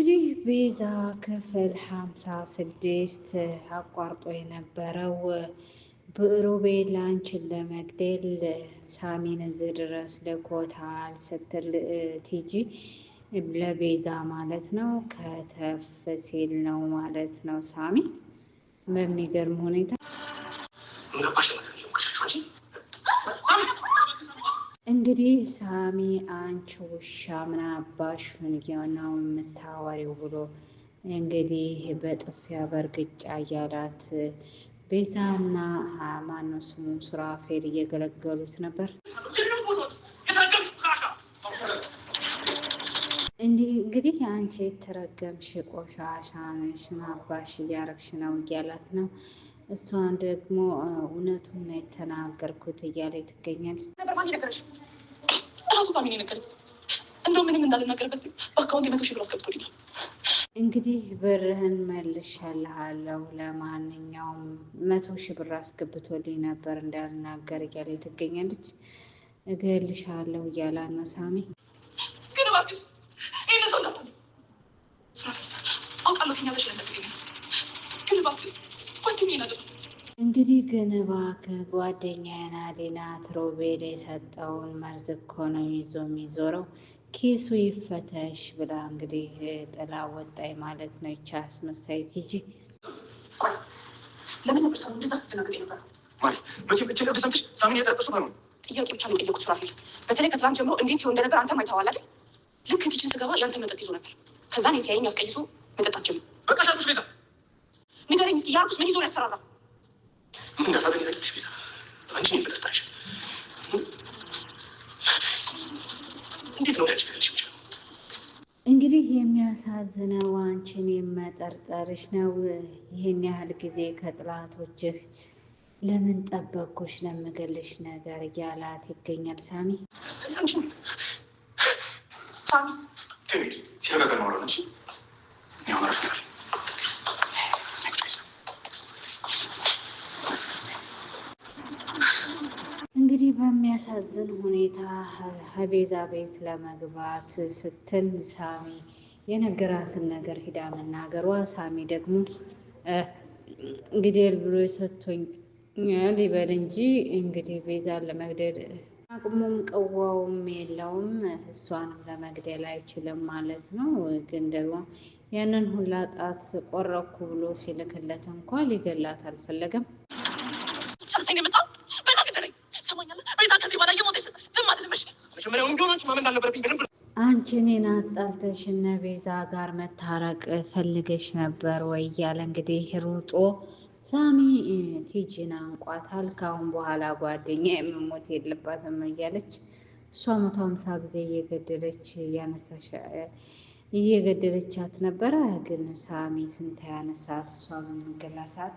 እንግዲህ ቤዛ ክፍል ሀምሳ ስድስት አቋርጦ የነበረው ሮቤል ላንችን ለመግደል ሳሚን እዚህ ድረስ ልኮታል ስትል ቲጂ ለቤዛ ማለት ነው። ከተፍ ሲል ነው ማለት ነው ሳሚ በሚገርም ሁኔታ እንግዲህ ሳሚ አንቺ ውሻ ምን አባሽ ነው የምታወሪው? ብሎ እንግዲህ በጥፊያ በእርግጫ እያላት ቤዛና ማነው ስሙ ሱራፌል እየገለገሉት ነበር። እንግዲህ አንቺ የተረገምሽ ቆሻሻ ነሽ ምን አባሽ እያረግሽ ነው እያላት ነው እሷን ደግሞ እውነቱን ነው የተናገርኩት እያለ ትገኛለች። እንደው ምንም እንዳልናገርበት በአካውንት የመቶ ሺህ ብር አስገብቶልኛል። እንግዲህ ብርህን መልሻልሃለሁ። ለማንኛውም መቶ ሺህ ብር አስገብቶልኝ ነበር እንዳልናገር እያለ ትገኛለች። እገልሻለሁ እያላ ነው ሳሚ። ግን እባክሽ ይህን ሰው እንዳታ ስራ አውቃለሁ ኛለሽ እንግዲህ ገነባ ከጓደኛ ጓደኛዬን አዲናት ሮቤል የሰጠውን መርዝ እኮ ነው ይዞ የሚዞረው ኬሱ ይፈተሽ ብላ እንግዲህ ጥላ ወጣይ ማለት ነው። ይቻ አስመሳይ ቲጂ ጥያቄ ብቻ ነው የጠየቁት ሱራፌል። በተለይ ከትላንት ጀምሮ እንዴት ሲሆን እንደነበር አንተ አይተኸዋል አይደል? ልክ ኪችን ስገባ ያንተ መጠጥ ይዞ ነበር። ከዛ እኔ ሲያየኝ አስቀይሶ መጠጣት ጀመረ። በቃ ሻርኩስ ቤዛ ንገረኝ እስኪ ያርኩስ ምን ይዞ ያስፈራራ እንዳሳዘኝ ታውቂያለሽ ቤዛ። አንቺ እንዴት ነው ያንቺ እንግዲህ የሚያሳዝነው አንቺን የመጠርጠርሽ ነው። ይህን ያህል ጊዜ ከጥላቶችህ ለምን ጠበቅኩሽ ለምገልሽ ነገር እያላት ይገኛል። ሳሚ ሳሚ ሲረጋገር ማረ ነች በሚያሳዝን ሁኔታ ሀቤዛ ቤት ለመግባት ስትል ሳሚ የነገራትን ነገር ሂዳ መናገሯ፣ ሳሚ ደግሞ ግደል ብሎ ሰጥቶኛል ይበል እንጂ እንግዲህ ቤዛን ለመግደል አቅሙም ቅዋውም የለውም። እሷንም ለመግደል አይችልም ማለት ነው። ግን ደግሞ ያንን ሁላ ጣት ቆረኩ ብሎ ሲልክለት እንኳ ሊገላት አልፈለገም። ይሰማኛል። አንቺ እኔን አጣልተሽ እነ ቤዛ ጋር መታረቅ ፈልገሽ ነበር ወይ እያለ እንግዲህ ሩጦ ሳሚ ቲጂን አንቋታል። ከአሁን በኋላ ጓደኛ የምሞት የለባትም እያለች እሷ መቶ ሀምሳ ጊዜ እየገደለች እያነሳሽ እየገደለቻት ነበረ። ግን ሳሚ ስንታ ያነሳት እሷ በምንገላ ሰዓት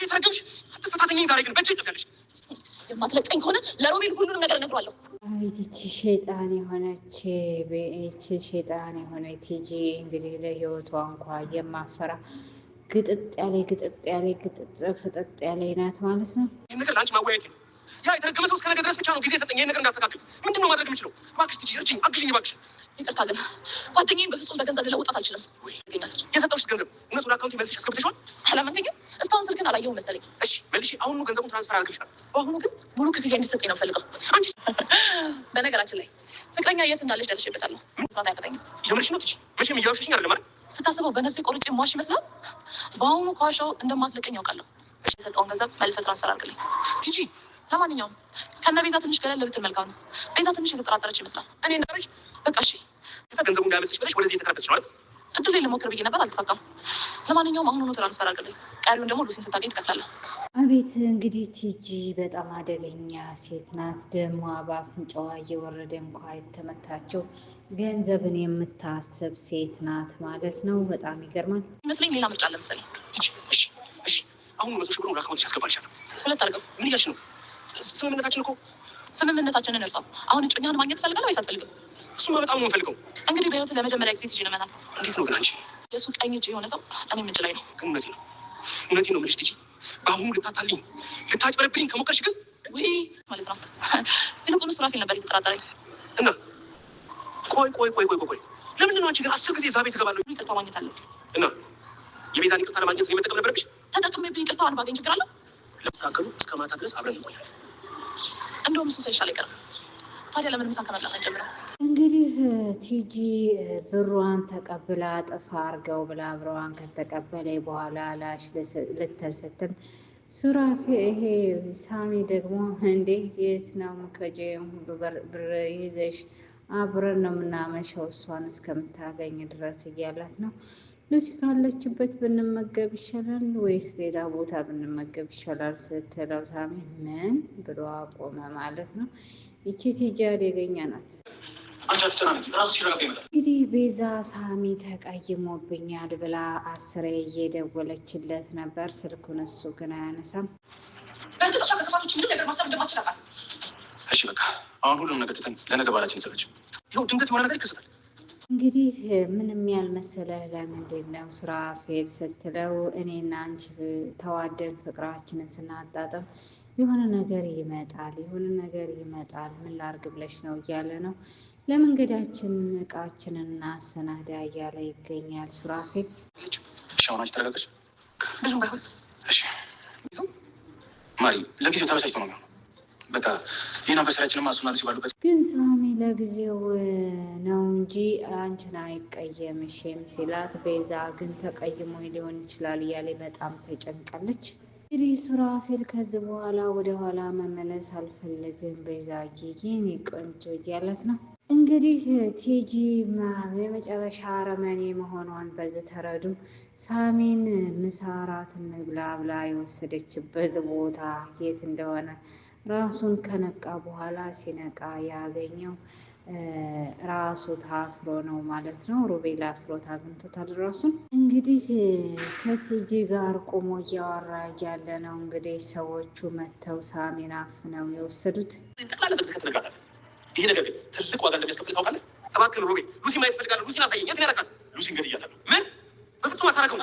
አንቺ የተረገምሽ አትፈታተኝኝ። ዛሬ ግን በእጅ ይጠፍያለሽ። የማትለቀኝ ከሆነ ለሮቤል ሁሉንም ነገር እነግሯለሁ። አቤትቺ ሸይጣን የሆነች ይቺ ሸይጣን የሆነ ቲጂ እንግዲህ ለህይወቷ እንኳ የማፈራ ግጥጥ ያለ ግጥጥ ያለ ግጥጥ ፍጥጥ ያለ ናት ማለት ነው። ይህ ነገር ለአንቺ ማወያየት ነው ያ የተረገመ ሰው እስከነገ ድረስ ብቻ ነው ጊዜ የሰጠኝ ይህን ነገር እንዳስተካክል። ምንድን ነው ማድረግ የምችለው? እባክሽ ትጂ፣ እርጅኝ፣ አግዥኝ እባክሽ። ይቅርታ ግን ጓደኛዬን በፍጹም በገንዘብ ልለውጣት አልችልም። ይገኛል የሰጠሁሽ ገንዘብ እውነት ወደ አካውንት መልስሽ አስገብተሽዋል? አላመንከኝም? እስካሁን ስልክን አላየሁም መሰለኝ። እሺ መልሼ አሁኑ ገንዘቡን ትራንስፈር አድርግልሻለሁ። በአሁኑ ግን ሙሉ ክፍያ እንዲሰጠኝ ነው ፈልገው። በነገራችን ላይ ፍቅረኛ የት እንዳለች ደርሼበታለሁ። ስራት አያቀጠኝም። የምርሽ ነው ትጂ? መቼም እያወሸሽኝ አይደለም አይደል? ስታስበው በነፍሴ ቆርጬ የማዋሽ ይመስላል። በአሁኑ ከዋሻው እንደማትለቀኝ ያውቃለሁ። የሰጠውን ገንዘብ መልሰ ትራንስፈር አድርግልኝ ትጂ ለማንኛውም ከነ ቤዛ ትንሽ ገለል ብትል መልካም ነው። ቤዛ ትንሽ የተጠራጠረች ይመስላል። እኔ እንዳለሽ በቃ እሺ፣ ገንዘቡ እንዳያመልጥሽ ብለሽ ወደዚህ የተከራከርሽ ነው አይደል? ላይ ልሞክር ብዬ ነበር፣ አልተሳካም። ለማንኛውም አሁን ሆኖ ትራንስፈር አድርግልኝ፣ ቀሪውን ደግሞ ሉሲን ስታገኝ ትከፍላለህ። አቤት እንግዲህ ቲጂ በጣም አደገኛ ሴት ናት። ደሟ በአፍንጫዋ እየወረደ እንኳ የተመታቸው ገንዘብን የምታስብ ሴት ናት ማለት ነው። በጣም ይገርማል። ይመስለኝ ሌላ ምርጫ አለ መሰለኝ። እሺ፣ እሺ፣ አሁን መቶ ሺህ ብር አካውንትሽ ያስገባ ይቻላል። ሁለት አድርገው ምን ያልሽ ነው ስምምነታችን እኮ ስምምነታችንን እንርሳው። አሁን እጮኛን ማግኘት ፈልጋለህ ወይስ አትፈልግም? እሱማ በጣም ነው የምፈልገው። እንግዲህ በህይወት ለመጀመሪያ ጊዜ ትጂ ነመናት። እንዴት ነው ግን አንቺ የእሱ ቀኝ እጅ የሆነ ሰው እኔ ምንጭ ላይ ነው። ግን እውነቴን ነው እውነቴን ነው የምልሽ ትጂ። በአሁኑ ልታታልኝ ልታጭበረብኝ ከሞከርሽ ግን ውይ ማለት ነው። ይልቁን ሱራፊል ነበር የተጠራጠረኝ እና ቆይ ቆይ ቆይ ቆይ ቆይ ለምንድን ነው አንቺ ግን አስር ጊዜ እዛ ቤት እገባለሁ? ይቅርታ ማግኘት አለ እና የቤዛን ይቅርታ ለማግኘት ነው ነበረብሽ። ተጠቅሜብኝ ይቅርታዋን ባገኝ ችግር አለው? ለመስተካከሉ እስከ ማታ ድረስ አብረን ይቆያል። እንደውም ስንሳ ይሻል አይቀርም። ታዲያ ለምን ምሳ ከመብላት አንጀምረው? እንግዲህ ቲጂ ብሯን ተቀብላ ጥፋ አርገው ብላ ብሯን ከተቀበለ በኋላ ላሽ ልትል ስትል ሱራፊ ይሄ ሳሚ ደግሞ እንዴ የት ነው ከጀ ሁሉ ብር ይዘሽ አብረን ነው የምናመሻው እሷን እስከምታገኝ ድረስ እያላት ነው። ሉሲ ካለችበት ብንመገብ ይሻላል ወይስ ሌላ ቦታ ብንመገብ ይሻላል ስትለው ሳሚ ምን ብሎ አቆመ ማለት ነው። ይቺ ቲጂ አደገኛ ናት። እንግዲህ ቤዛ ሳሚ ተቀይሞብኛል ብላ አስሬ እየደወለችለት ነበር። ስልኩን እሱ ግን አያነሳም። እሺ በቃ አሁን ሁሉም ነገር ትተን ለነገ ባላችን ይዘጋጅ። ይኸው ድንገት የሆነ ነገር ይከሰታል። እንግዲህ ምንም ያልመሰለ ለምንድን ነው ሱራፌል ስትለው እኔና አንቺ ተዋደን ፍቅራችንን ስናጣጠም የሆነ ነገር ይመጣል፣ የሆነ ነገር ይመጣል፣ ምን ላርግ ብለሽ ነው እያለ ነው። ለመንገዳችን እቃችንን እናሰናዳ እያለ ይገኛል ሱራፌል። ሻሆናች ተረጋገች ብዙም ባይሆን ማሪ ለጊዜው ተበሳጭ ነው በቃ ይህ ነው በስራችን ግን ሳሚ ለጊዜው ነው እንጂ አንቺን አይቀየምሽም ሲላት፣ ቤዛ ግን ተቀይሞ ሊሆን ይችላል እያለ በጣም ተጨንቃለች። እንግዲህ ሱራፌል ከዚህ በኋላ ወደኋላ መመለስ አልፈለግም ቤዛ የኔ ቆንጆ እያለት ነው እንግዲህ ቲጂ የመጨረሻ አረመኔ መሆኗን በዚህ ተረዱ። ሳሚን ምሳ እራት እንብላ ብላ የወሰደችበት ቦታ የት እንደሆነ ራሱን ከነቃ በኋላ ሲነቃ ያገኘው ራሱ ታስሮ ነው ማለት ነው። ሮቤል አስሮት አግኝቶታል ራሱን። እንግዲህ ከቲጂ ጋር ቆሞ እያወራ እያለ ነው እንግዲህ ሰዎቹ መጥተው ሳሚን አፍነው የወሰዱት። ይሄ ነገር ግን ትልቅ ዋጋ እንደሚያስከፍል ታውቃለህ። እባክህን ሩቤ ሉሲ ማየት እፈልጋለሁ። ሉሲን አሳየኝ። የት ነው ያደረካት? ሉሲን ገድያታለሁ። ምን? በፍጹም አታረገው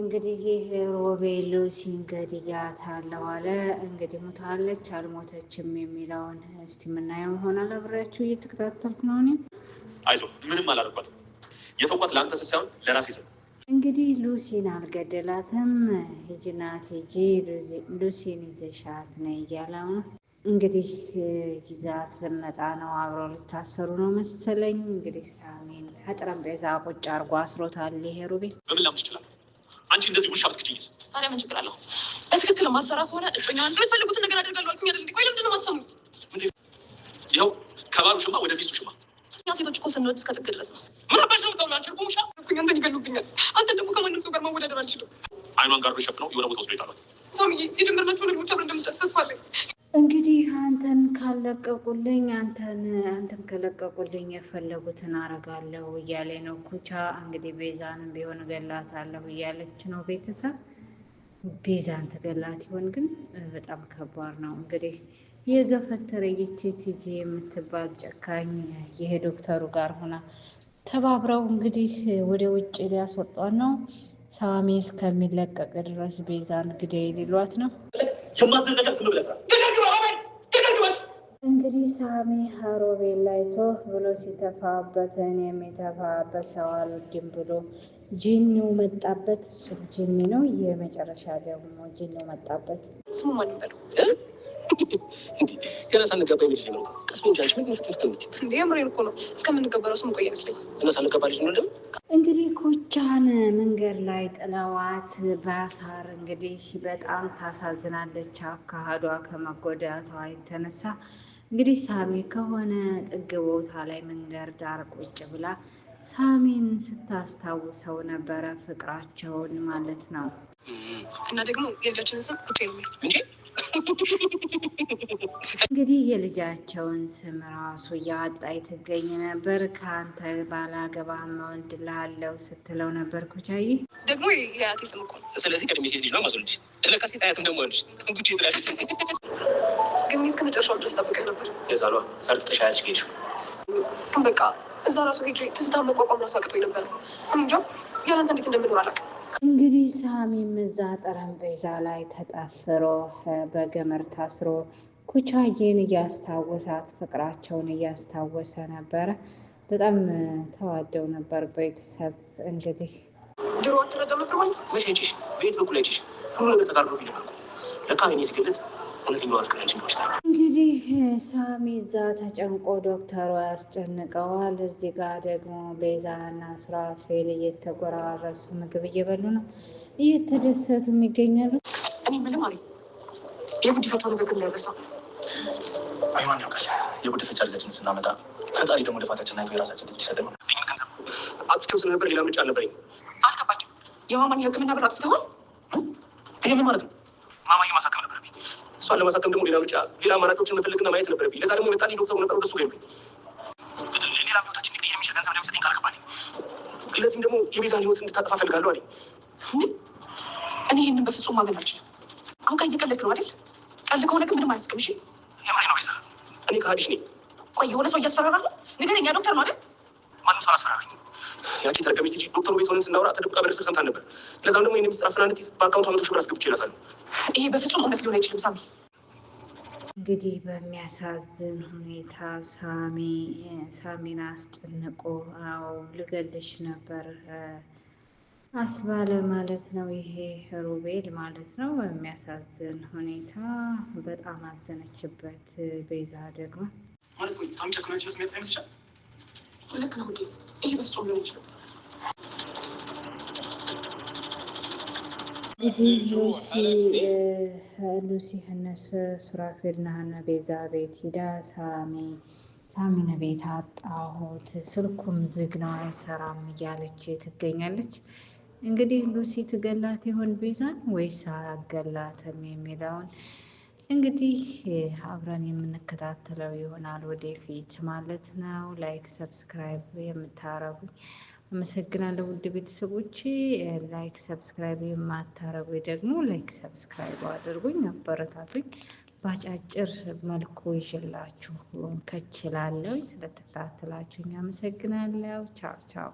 እንግዲህ ይህ ሮቤል ሉሲን ገድያታለሁ አለ። እንግዲህ ሙታለች አልሞተችም የሚለውን እስቲ የምናየው ይሆናል። አብሬያችሁ እየተከታተልኩ ነው። እኔ አይዞህ ምንም አላደረኳትም። የተውኳት ለአንተ ስል ሳይሆን ለራሴ ስል እንግዲህ ሉሲን አልገደላትም። ሂጂናት ሂጂ ሉሲን ይዘሻት ነ እያለው ነው። እንግዲህ ጊዛት ልመጣ ነው። አብሮ ልታሰሩ ነው መሰለኝ። እንግዲህ ሳሚን ከጠረጴዛ ቁጭ አርጎ አስሮታል። ይሄ ሩቤል በምን ላሙሽ ይችላል አንቺ እንደዚህ ውሻ ብትክጂኝስ? ታዲያ ምን ችግር አለው? በትክክል ማሰራ ከሆነ እጮኛዋን የምትፈልጉትን ነገር አደርጋለሁ አልኩኝ አይደል? ቆይ ለምንድን ነው የማትሰሙኝ? ይኸው ከባሉ ሽማ ወደ ሚስቱ ሽማ። እኛ ሴቶች እኮ ስንወድ እስከ ጥግ ድረስ ነው። እንዲለቀቁልኝ የፈለጉትን አረጋለሁ እያለ ነው። ኩቻ እንግዲህ ቤዛንም ቢሆን ገላታለሁ እያለች ነው። ቤተሰብ ቤዛን ትገላት ይሆን ግን? በጣም ከባድ ነው። እንግዲህ የገፈተረ ይቺ ቲጂ የምትባል ጨካኝ ዶክተሩ ጋር ሆና ተባብረው እንግዲህ ወደ ውጭ ሊያስወጧን ነው። ሳሚ እስከሚለቀቅ ድረስ ቤዛን ግዴ ሊሏት ነው። እንግዲህ ሳሚ ሮቤል ላይቶ ብሎ ሲተፋበት እኔም የተፋበት ሰው አልወድም ብሎ ጂኑ መጣበት። እሱ ጂኒ ነው። የመጨረሻ ደግሞ ጂኑ መጣበት። እንግዲህ ኮቻን መንገድ ላይ ጥለዋት በሳር እንግዲህ በጣም ታሳዝናለች። አካሄዷ ከመጎዳቷ የተነሳ እንግዲህ ሳሚ ከሆነ ጥግ ቦታ ላይ መንገድ ዳር ቁጭ ብላ ሳሚን ስታስታውሰው ነበረ፣ ፍቅራቸውን ማለት ነው። እና ደግሞ የልጃችን ስም ኩቴ እንግዲህ የልጃቸውን ስም ራሱ እያወጣ ትገኝ ነበር። ከአንተ ባላገባ ላለው ስትለው ነበር። ኩቻዬ ደግሞ የአያቴ ስም እኮ ስለዚህ ቀድሜ ሴት ልጅ ነው ማዞልጅ ለካ ሴት አያትም ደግሞ ልጅ ጉቼ ትላለች ግን እስከ መጨረሻው ድረስ ጠብቀህ ነበር። የዛሏ ፈርጥጥሽ አያች ጌሽ ግን በቃ እዛ ራሱ ሄጅ ትዝታ መቋቋም ራሱ አቅጦኝ ነበር። እንጃ ያለንተ እንዴት እንደምንኖር አላውቅም። እንግዲህ ሳሚም እዛ ጠረጴዛ ላይ ተጠፍሮ በገመድ ታስሮ ኩቻዬን እያስታወሳት ፍቅራቸውን እያስታወሰ ነበረ። በጣም ተዋደው ነበር ቤተሰብ እንግዲህ ድሮ አትረዳም ነበር ማለት ነው። መቼ ሄድሽ? በየት በኩል ሄድሽ? ሁሉ ነገር ተቃርዶብኝ ነበር እኮ ለካ እኔ ስገለጽ ሁለተኛው አፍቅራችን ወስታል። እንግዲህ ሳሚ እዛ ተጨንቆ ዶክተሩ ያስጨንቀዋል። እዚህ ጋር ደግሞ ቤዛና ስራፌል እየተጎራረሱ ምግብ እየበሉ ነው፣ እየተደሰቱ ይገኛሉ። እኔ ምንም አሪ የቡድ ፈታው ነገር ግን ያበሳው አይሆን ያውቃል። የቡድ ፍቻ ልጃችን ስናመጣ ፈጣሪ ደግሞ ደፋታችን ናይቶ የራሳችን ልጅ ሰደ ነው አጥፍቼው ስለነበር ሌላ ምርጫ አልነበረኝ። አልገባችም የማማን የህክምና ብር አጥፍተዋል። ይህን ማለት ነው እሷን ለማሳከም ደግሞ ሌላ ምርጫ ሌላ አማራጮችን መፈለግና ማየት ነበረብኝ። ለዛ ደግሞ የመጣልኝ ዶክተሩ ነበር። ወደሱ ገኝ ሌላ ህይወታችን ሊቀይር የሚችል ገንዘብ ለሚሰጠኝ ቃል ገባልኝ። ለዚህም ደግሞ የቤዛን ህይወት እንድታጠፋ ፈልጋለሁ አለኝ። እኔ ይህንን በፍጹም ማመን አልችልም። አሁን ቀን እየቀለድክ ነው አይደል? ቀልድ ከሆነ ግን ምንም አያስቅም። እሺ የማሪ ነው ቤዛ፣ እኔ ከሀዲሽ ነኝ። ቆይ የሆነ ሰው እያስፈራራ እያስፈራራለሁ። ንገረኛ ዶክተር ነው አይደል? ማንም ሰው አላስፈራራኝ ያቺ የተረገመች ልጅ ዶክተሩ ቤት ሆነን ስናወራ ተደብቃ በደረሰ ሰምታ ነበር። ለዛም ደግሞ ይህን ምስጥ አፍናነት በአካውንት አመቶ ሺህ ብር አስገብቼ ይሄ በፍጹም እውነት ሊሆን አይችልም ሳሚ። እንግዲህ በሚያሳዝን ሁኔታ ሳሚ ሳሚን አስጨንቆ አዎ ልገልሽ ነበር አስባለ ማለት ነው። ይሄ ሩቤል ማለት ነው። በሚያሳዝን ሁኔታ በጣም አዘነችበት ቤዛ ደግሞ ማለት ወይ ሳሚ ጨክኖ ይችላል ስሜት አይመስልሻል? ልክ ነው ይህ በፍጹም ሊሆን ይችላል። ሉሲ እነሱ ቤዛ ቤት ሂዳ ሳሚን ቤት አጣሁት፣ ስልኩም ዝግ ነው አይሰራም እያለች ትገኛለች። እንግዲህ ሉሲ ትገላት ይሆን ቤዛን ወይስ አገላትም የሚለውን እንግዲህ አብረን የምንከታተለው ይሆናል ወደፊት ማለት ነው። ላይክ ሰብስክራይብ የምታረጉ አመሰግናለሁ ውድ ቤተሰቦች። ላይክ ሰብስክራይብ የማታረጉ ደግሞ ላይክ ሰብስክራይብ አድርጉኝ፣ አበረታቱኝ። በአጫጭር መልኩ ይዤላችሁ ከችላለሁ። ስለተከታተላችሁኝ አመሰግናለሁ። ቻው ቻው።